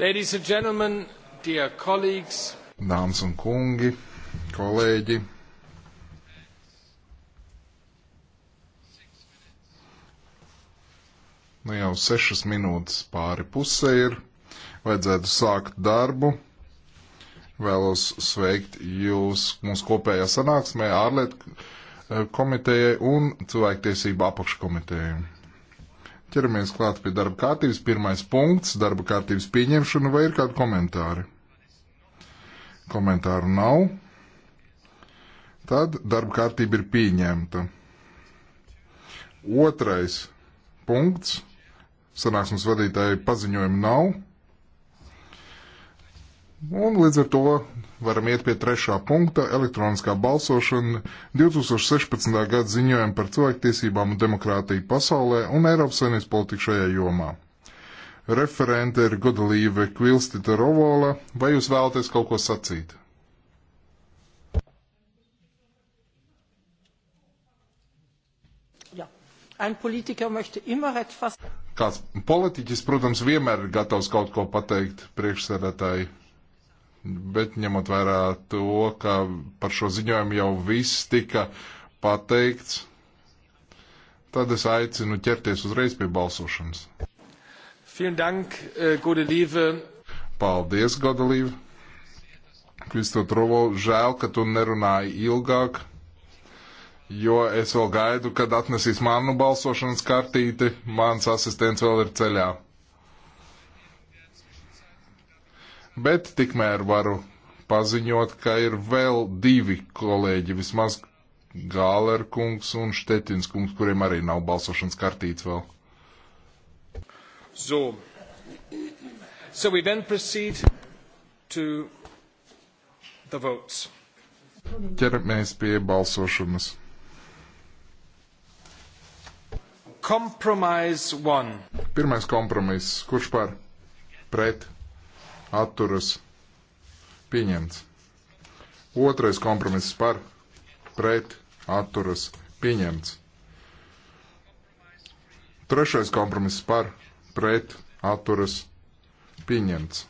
Ladies and gentlemen, dear colleagues. Dāmas un kungi, kolēģi. Nu jau sešas minūtes pāri pusē ir. Vajadzētu sākt darbu. Vēlos sveikt jūs mūsu kopējā sanāksmē ārlietu eh, komitejai un cilvēktiesību apakškomitejai. Ķeramies klāt pie darba kārtības. Pirmais punkts - darba kārtības pieņemšana vai ir kādi komentāri? Komentāru nav. Tad darba kārtība ir pieņemta. Otrais punkts - sanāksmes vadītāji paziņojumi nav. Un līdz ar to varam iet pie trešā punkta - elektroniskā balsošana 2016. gada ziņojuma par cilvēktiesībām un demokrātiju pasaulē un Eiropas Savienības politiku šajā jomā. Referente ir Godalīve Kvilstita Rovola. Vai jūs vēlaties kaut ko sacīt? Ja. Kāds politiķis, protams, vienmēr ir gatavs kaut ko pateikt priekšsēdētāji bet ņemot vērā to, ka par šo ziņojumu jau viss tika pateikts, tad es aicinu ķerties uzreiz pie balsošanas. Dank, äh, Paldies, Godalīva! Kristotrovo, žēl, ka tu nerunāji ilgāk, jo es vēl gaidu, kad atnesīs manu balsošanas kartīti, mans asistents vēl ir ceļā. Bet tikmēr varu paziņot, ka ir vēl divi kolēģi, vismaz Gāler kungs un Štetins kungs, kuriem arī nav balsošanas kartīts vēl. So, so we then proceed to the votes. Ķeramies pie balsošanas. Compromise one. Pirmais kompromiss. Kurš par? Pret? atturas pieņemts. Otrais kompromiss par pret atturas pieņemts. Trešais kompromiss par pret atturas pieņemts.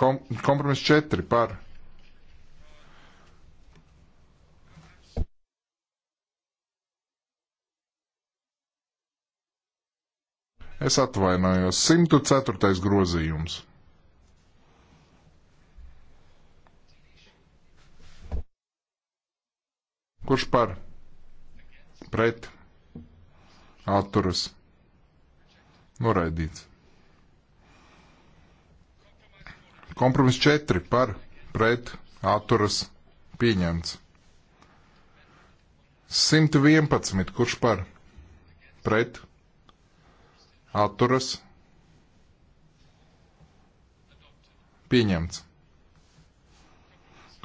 Kom kompromiss 4 par Es atvainojos. 104. grozījums. Kurš par? Pret. Atturas. Noraidīts. Kompromis 4 par, pret, atturas, pieņemts. 111. Kurš par? Pret, atturas pieņemts.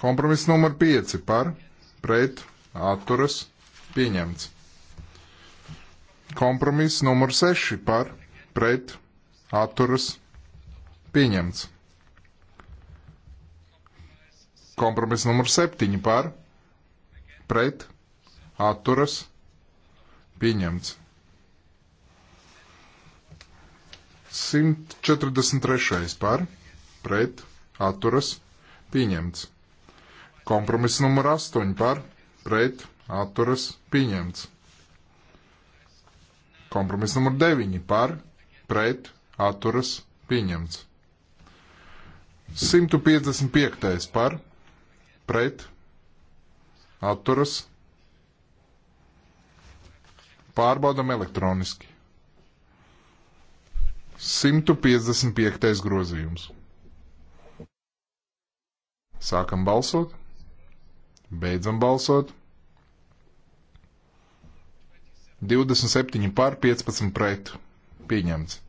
Kompromiss numur 5 par pret atturas pieņemts. Kompromiss numur 6 par pret atturas pieņemts. Kompromiss numur 7 par pret atturas pieņemts. 143. par, pret, atturas, pieņemts. Kompromiss numur 8 par, pret, atturas, pieņemts. Kompromiss numur 9 par, pret, atturas, pieņemts. 155. par, pret, atturas, pārbaudam elektroniski. 155. grozījums. Sākam balsot, beidzam balsot. 27 pār 15 pret. Pieņemts.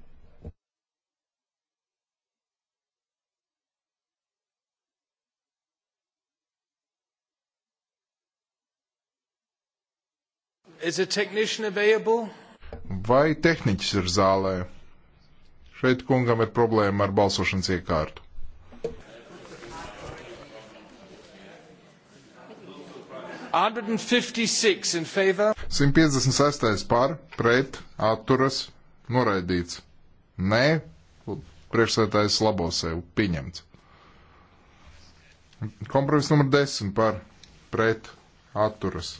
Vai tehniķis ir zālē? Šeit kungam ir problēma ar balsošanas iekārtu. Simt piecdesmit sestais par, pret, atturas, noraidīts. Nē, priekšsētājs labo sev, pieņemts. Kompromiss numur desmit par, pret, atturas,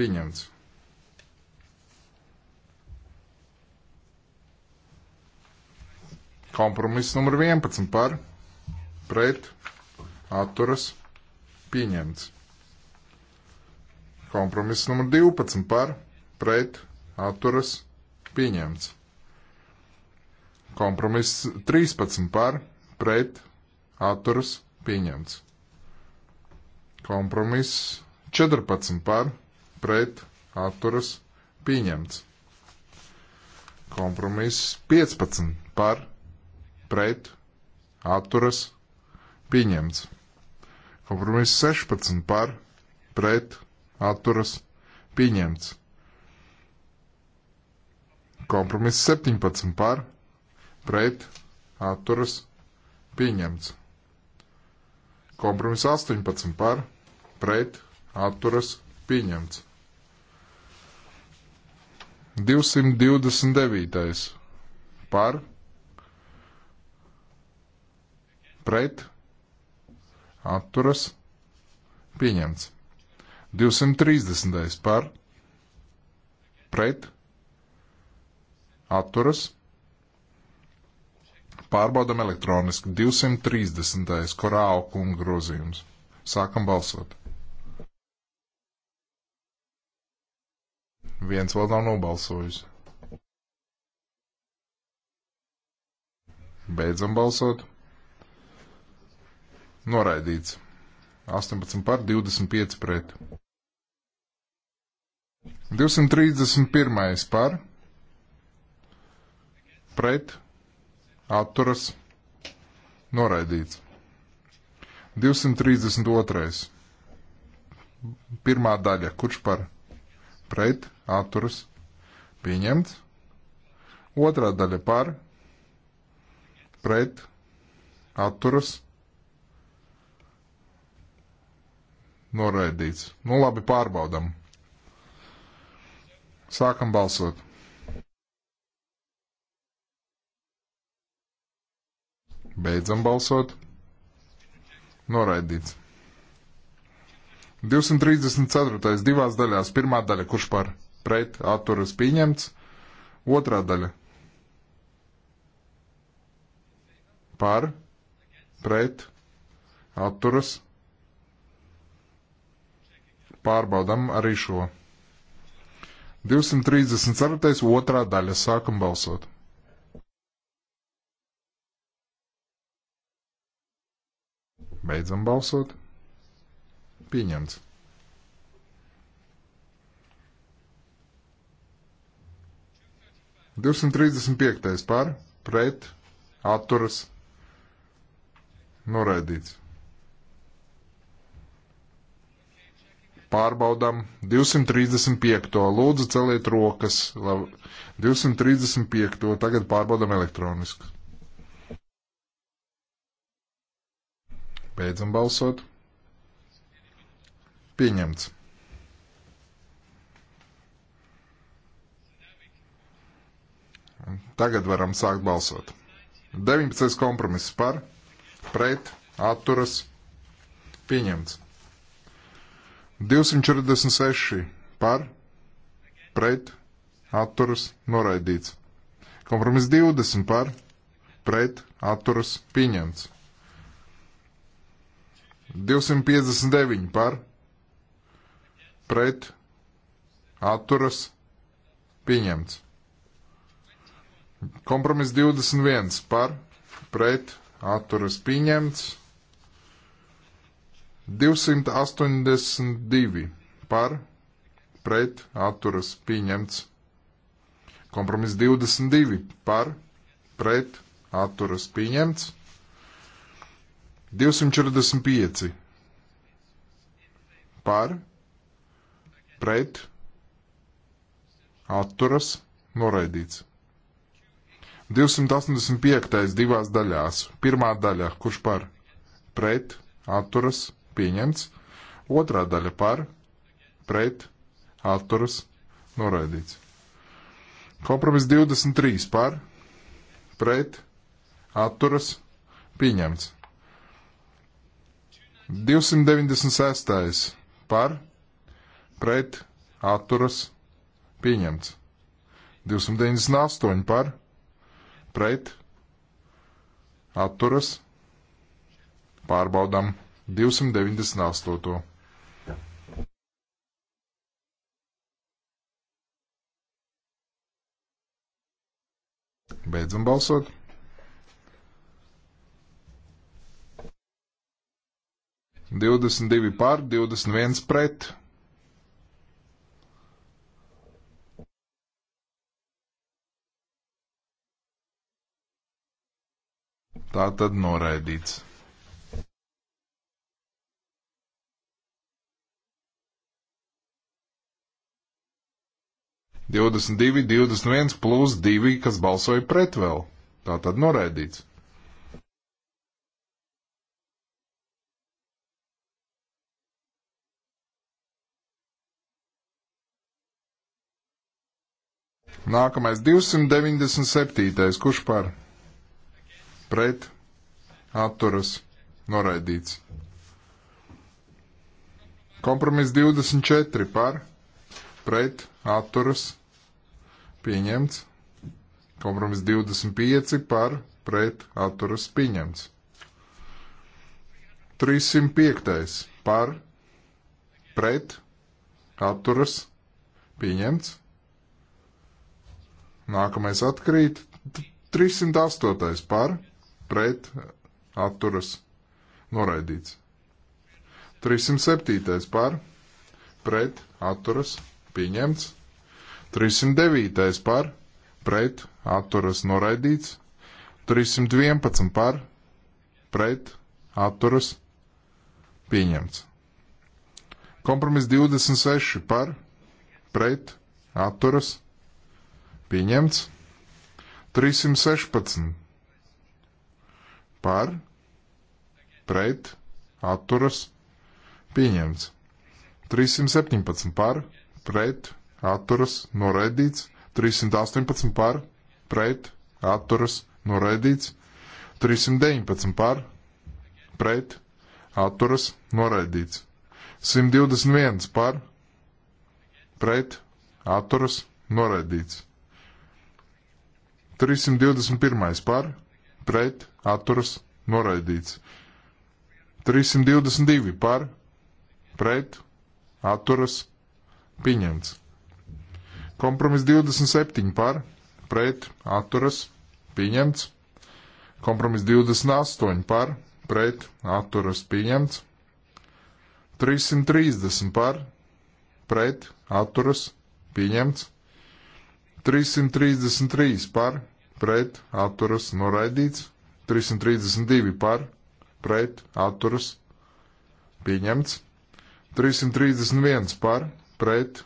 pieņemts. Kompromiss numur 11 par pret atturas pieņemts. Kompromiss numur 12 par pret atturas pieņemts. Kompromiss 13 par pret atturas pieņemts. Kompromiss 14 par pret atturas pieņemts. Kompromiss 15 par pret, atturas, pieņemts. Kompromiss 16 par, pret, atturas, pieņemts. Kompromiss 17 par, pret, atturas, pieņemts. Kompromiss 18 par, pret, atturas, pieņemts. 229. par, pret, atturas, pieņemts. 230. par, pret, atturas, pārbaudam elektroniski. 230. korāla kunga grozījums. Sākam balsot. Viens vēl nav nobalsojis. Beidzam balsot. Noraidīts. 18 par 25 pret. 231 par pret atturas noraidīts. 232. Pirmā daļa. Kurš par pret atturas pieņemts? Otrā daļa par pret atturas pieņemts Noraidīts. Nu labi, pārbaudam. Sākam balsot. Beidzam balsot. Noraidīts. 234. divās daļās. Pirmā daļa, kurš par pret atturas pieņemts. Otrā daļa. Par pret atturas pieņemts Pārbaudam arī šo. 234. otrā daļa. Sākam balsot. Beidzam balsot. Pieņemts. Divsimt trīsdesmit piektais par, pret, atturas, noraidīts. Pārbaudām 235. Lūdzu, celiet rokas. Labi. 235. Tagad pārbaudām elektroniski. Beidzam balsot. Pieņemts. Tagad varam sākt balsot. 19. kompromiss par, pret, atturas, pieņemts. 246 par, pret, atturas, noraidīts. Kompromiss 20 par, pret, atturas, pieņemts. 259 par, pret, atturas, pieņemts. Kompromiss 21 par, pret, atturas, pieņemts. 282 par pret atturas pieņemts. Kompromiss 22 par pret atturas pieņemts. 245 par pret atturas noraidīts. 285. divās daļās. Pirmā daļa, kurš par pret atturas pieņemts. Otrā daļa par, pret, atturas, noraidīts. Kompromiss 23 par, pret, atturas, pieņemts. 296. par, pret, atturas, pieņemts. 298 par, pret, atturas, pārbaudām. 298. Beidzam balsot. Divdesmit divi pār, divdesmit viens pret. Tā tad noraidīts. 22, 21 plus 2, kas balsoja pret vēl. Tā tad noraidīts. Nākamais 297. Kurš par? Pret. Atturas. Noraidīts. Kompromiss 24 par. Pret. Atturas pieņemts. Kompromiss 25 par pret atturas pieņemts. 305. par pret atturas pieņemts. Nākamais atkrīt. 308. par pret atturas noraidīts. 307. par pret atturas pieņemts. 309. par, pret, atturas noraidīts. 311 par, pret, atturas pieņemts. Kompromiss 26 par, pret, atturas pieņemts. 316 par, pret, atturas pieņemts. 317 par, pret, atturas, noraidīts. 318 par, pret, atturas, noraidīts. 319 par, pret, atturas, noraidīts. 121 par, pret, atturas, noraidīts. 321 par, pret, atturas, noraidīts. 322 par, pret, atturas, pieņemts. Kompromiss 27 par, pret, atturas, pieņemts. Kompromiss 28 par, pret, atturas, pieņemts. 330 par, pret, atturas, pieņemts. 333 par, pret, atturas, noraidīts. 332 par, pret, atturas, pieņemts. 331 par, pret,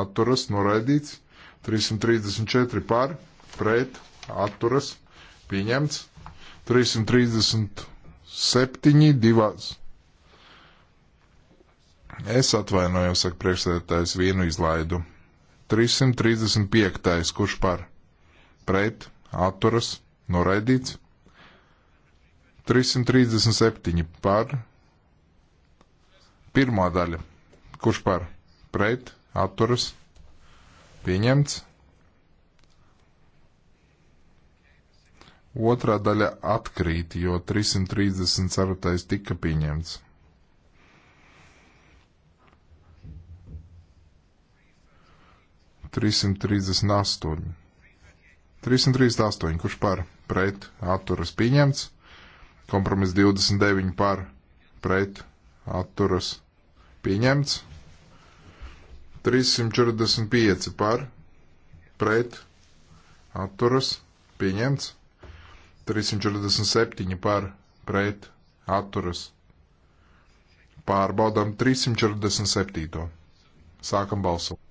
atturas noraidīts, 334 par, pret, atturas, pieņemts, 337 divās. Es atvainojos, saka priekšsēdētājs, vienu izlaidu. 335. kurš par, pret, atturas, noraidīts, 337 par, pirmā daļa, kurš par, pret, atturas pieņemts. Otrā daļa atkrīt, jo 334. tika pieņemts. Trīsimt trīsdesmit astoņi. Trīsimt trīsdesmit astoņi, kurš par pret atturas pieņemts. Kompromiss divdesmit deviņi par pret atturas pieņemts. 345 par, pret, atturas, pieņemts. 347 par, pret, atturas. Pārbaudām 347. Sākam balsot.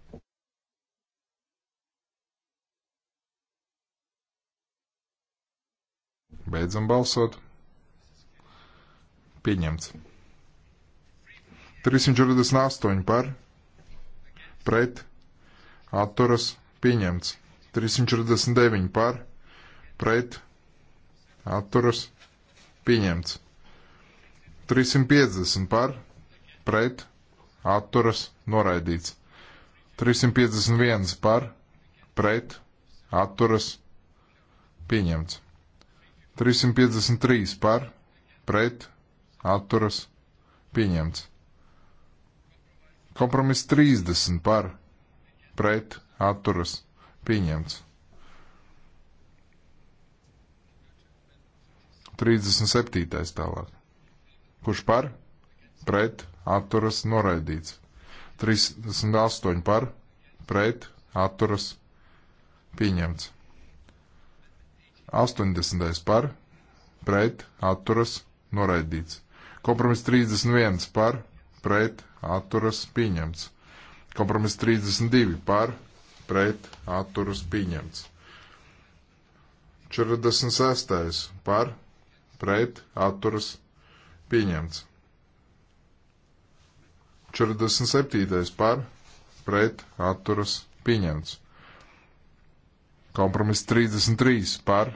Beidzam balsot. Pieņemts. 348 par, pret atturas pieņemts. 349 par pret atturas pieņemts. 350 par pret atturas noraidīts. 351 par pret atturas pieņemts. 353 par pret atturas pieņemts. Kompromiss 30 par pret atturas pieņemts. 37. tālāk. Kurš par? Pret atturas noraidīts. 38 par? Pret atturas pieņemts. 80. par? Pret atturas noraidīts. Kompromiss 31 par? pret atturas pieņemts. Kompromiss 32 par pret atturas pieņemts. 46. par pret atturas pieņemts. 47. par pret atturas pieņemts. Kompromiss 33 par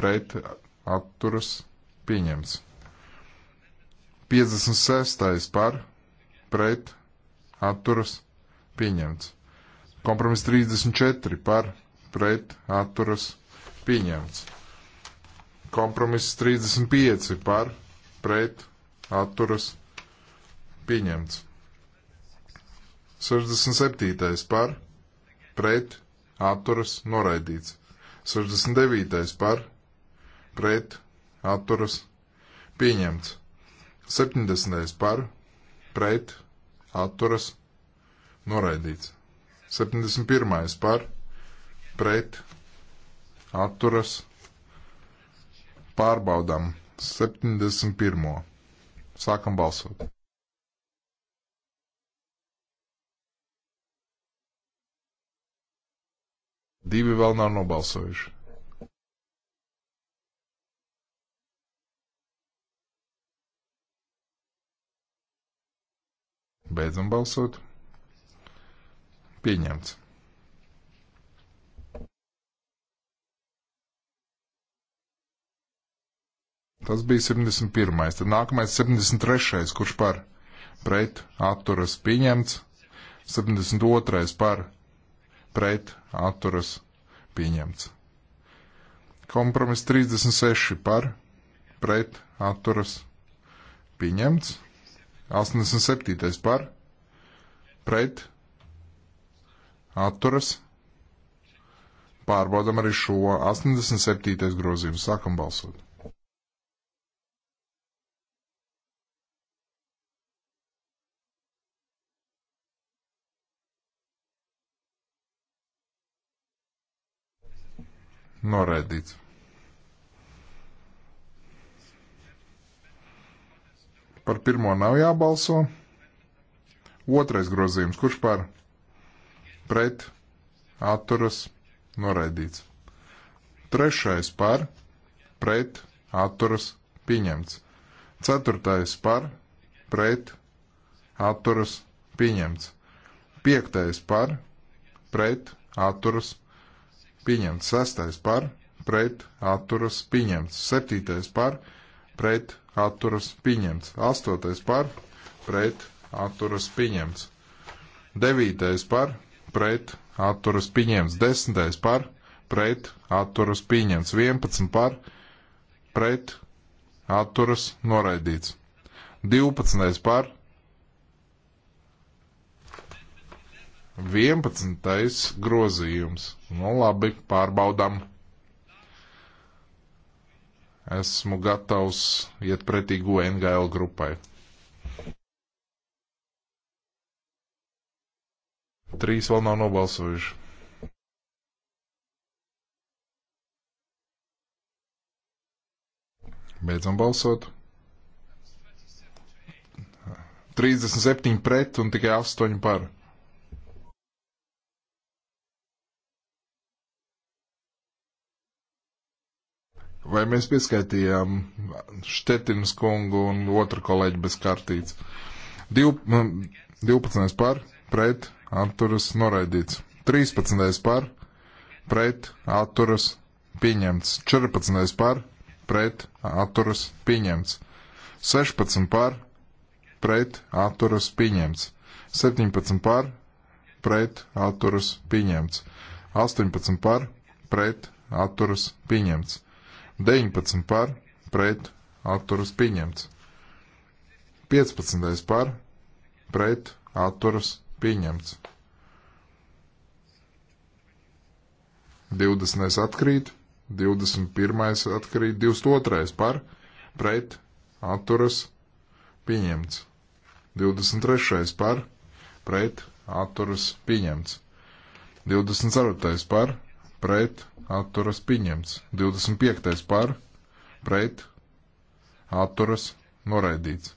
pret atturas pieņemts. 56. par pret atturas pieņemts. Kompromiss 34 par pret atturas pieņemts. Kompromiss 35 par pret atturas pieņemts. 67. par pret atturas noraidīts. 69. par pret atturas pieņemts. 70. par pret pret, atturas, noraidīts. 71. par, pret, atturas, pārbaudām 71. Sākam balsot. Divi vēl nav nobalsojuši. Beidzam balsot. Pieņemts. Tas bija 71. Tad nākamais 73. kurš par pret atturas pieņemts. 72. par pret atturas pieņemts. Kompromiss 36 par pret atturas pieņemts. 87. par, pret, atturas. Pārbaudam arī šo 87. grozījumu. Sākam balsot. Noraidīts. Par pirmo nav jābalso. Otrais grozījums. Kurš par? Pret. Atturas. Noraidīts. Trešais par. Pret. Atturas. Pieņemts. Ceturtais par. Pret. Atturas. Pieņemts. Piektais par. Pret. Atturas. Pieņemts. Sestais par. Pret. Atturas. Pieņemts. Septītais par. Pret, pret atturas pieņemts. 8. par pret atturas pieņemts. 9. par pret atturas pieņemts. 10. par pret atturas pieņemts. 11. par pret atturas noraidīts. 12. par 11. grozījums. Nu labi, pārbaudām esmu gatavs iet pretī GONGL grupai. Trīs vēl nav nobalsojuši. Beidzam balsot. 37 pret un tikai 8 par. vai mēs pieskaitījām Štetins kungu un otru kolēģi bez kartītes. Div, 12. Mm, par, pret, atturas, noraidīts. 13. par, pret, atturas, pieņemts. 14. par, pret, atturas, pieņemts. 16 par, pret, atturas, pieņemts. 17 par, pret, atturas, pieņemts. 18 par, pret, atturas, pieņemts. 19 par, pret, atturas pieņemts. 15 par, pret, atturas pieņemts. 20 atkrīt, 21 atkrīt, 22 par, pret, atturas pieņemts. 23 par, pret, atturas pieņemts. 24 par, pret atturas pieņemts. 25. par pret atturas noraidīts.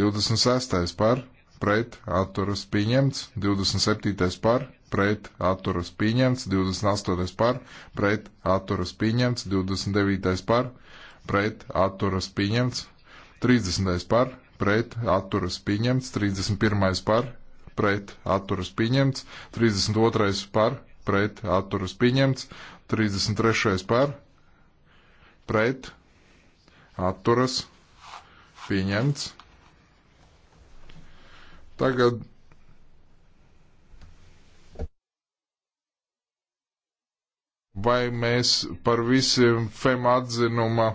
26. par pret atturas pieņemts. 27. par pret atturas pieņemts. 28. par pret atturas pieņemts. 29. par pret atturas pieņemts. 30. par pret atturas pieņemts. 31. par pret atturas pieņemts. 32. par pret atturas pieņemts, 33. par pret atturas pieņemts. Tagad vai mēs par visiem FEM atzinuma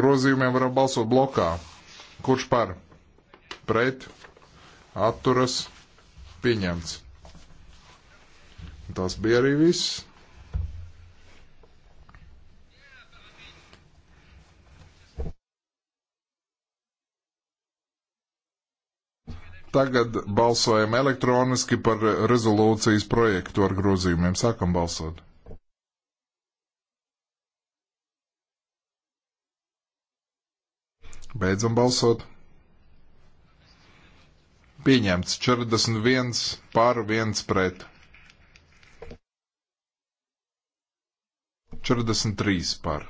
grozījumiem varam balsot blokā. Kurš par? Pret? Atturas? Pieņemts. Tas bija arī viss. Tagad balsojam elektroniski par rezolūcijas projektu ar grozījumiem. Sākam balsot. Beidzam balsot. Pieņemts 41 pār 1 pret. 43 par.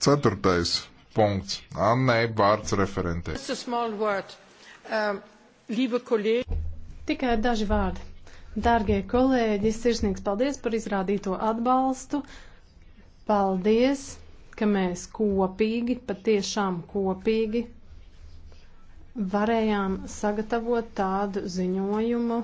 Ceturtais punkts. Annē vārds referentē. Um, Tikai daži vārdi. Dārgie kolēģi, sirsnīgs paldies par izrādīto atbalstu. Paldies, ka mēs kopīgi, patiešām kopīgi varējām sagatavot tādu ziņojumu,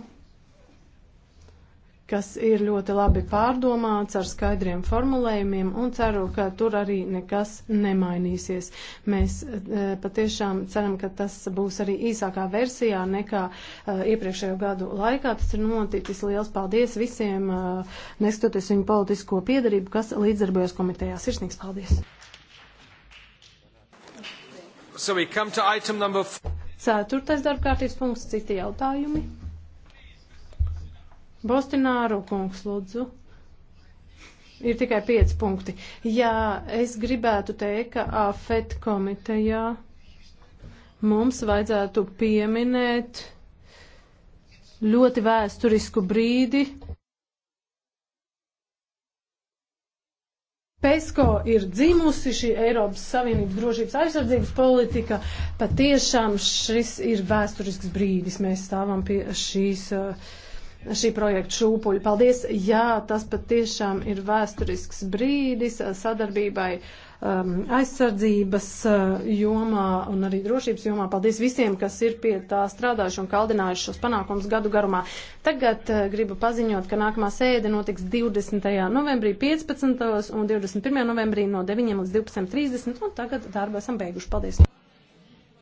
kas ir ļoti labi pārdomāts ar skaidriem formulējumiem un ceru, ka tur arī nekas nemainīsies. Mēs e, patiešām ceram, ka tas būs arī īsākā versijā nekā e, iepriekšējo gadu laikā. Tas ir noticis. Liels paldies visiem, e, neskatoties viņu politisko piedarību, kas līdzdarbojas komitejā. Sirsnīgs paldies! So Ceturtais darbkārtības punkts - citi jautājumi. Bostināru kungs, lūdzu. Ir tikai pieci punkti. Jā, es gribētu teikt, ka AFET komitejā mums vajadzētu pieminēt ļoti vēsturisku brīdi. PESCO ir dzimusi šī Eiropas Savienības drošības aizsardzības politika. Patiešām šis ir vēsturisks brīdis. Mēs stāvam pie šīs uh, šī projekta šūpuļi. Paldies! Jā, tas pat tiešām ir vēsturisks brīdis uh, sadarbībai um, aizsardzības uh, jomā un arī drošības jomā. Paldies visiem, kas ir pie tā strādājuši un kaldinājuši šos panākumus gadu garumā. Tagad uh, gribu paziņot, ka nākamā sēde notiks 20. novembrī 15. un 21. novembrī no 9 līdz 12.30. Un tagad darbu esam beiguši. Paldies!